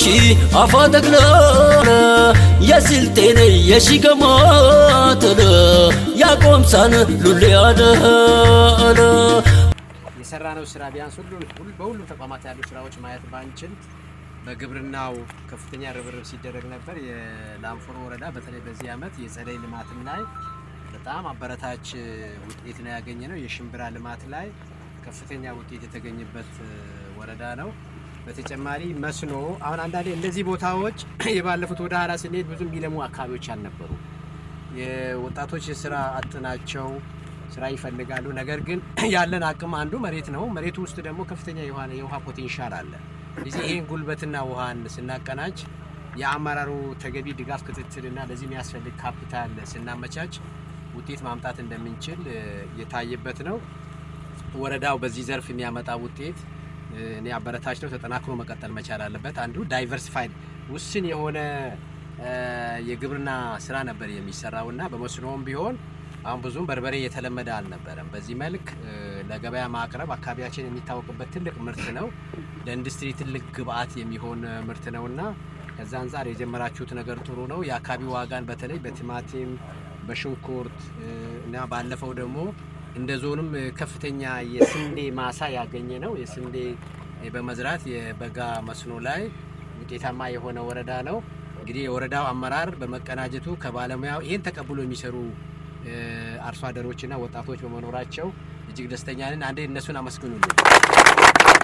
ሺ አፋ የስልጤነ ያቆምሳን ሉሌ የሰራ የሰራነው ስራ ቢያንስ በሁሉም ተቋማት ያሉ ስራዎች ማየት ባንችል በግብርናው ከፍተኛ ርብርብ ሲደረግ ነበር። የላንፎሮ ወረዳ በተለይ በዚህ ዓመት የጸደይ ልማት ላይ በጣም አበረታች ውጤት ነው ያገኘ ነው። የሽምብራ ልማት ላይ ከፍተኛ ውጤት የተገኘበት ወረዳ ነው። በተጨማሪ መስኖ አሁን አንዳንዴ እነዚህ ቦታዎች የባለፉት ወደ ኋላ ስንሄድ ብዙ የሚለሙ አካባቢዎች አልነበሩ። የወጣቶች የስራ አጥናቸው ስራ ይፈልጋሉ። ነገር ግን ያለን አቅም አንዱ መሬት ነው። መሬቱ ውስጥ ደግሞ ከፍተኛ የውሃ ፖቴንሻል አለ። እዚህ ይህን ጉልበትና ውሃን ስናቀናጅ የአመራሩ ተገቢ ድጋፍ ክትትልና ለዚህ የሚያስፈልግ ካፒታል ስናመቻች ውጤት ማምጣት እንደምንችል የታየበት ነው። ወረዳው በዚህ ዘርፍ የሚያመጣ ውጤት እኔ አበረታች ነው። ተጠናክሮ መቀጠል መቻል አለበት። አንዱ ዳይቨርሲፋይድ ውስን የሆነ የግብርና ስራ ነበር የሚሰራው እና በመስኖም ቢሆን አሁን ብዙም በርበሬ የተለመደ አልነበረም። በዚህ መልክ ለገበያ ማቅረብ አካባቢያችን የሚታወቅበት ትልቅ ምርት ነው። ለኢንዱስትሪ ትልቅ ግብአት የሚሆን ምርት ነው እና ከዛ አንጻር የጀመራችሁት ነገር ጥሩ ነው። የአካባቢ ዋጋን በተለይ በቲማቲም በሽንኩርት እና ባለፈው ደግሞ እንደ ዞንም ከፍተኛ የስንዴ ማሳ ያገኘ ነው። የስንዴ በመዝራት የበጋ መስኖ ላይ ውጤታማ የሆነ ወረዳ ነው። እንግዲህ የወረዳው አመራር በመቀናጀቱ ከባለሙያው ይህን ተቀብሎ የሚሰሩ አርሶ አደሮችና ወጣቶች በመኖራቸው እጅግ ደስተኛ ነን። አንዴ እነሱን አመስግኑልን።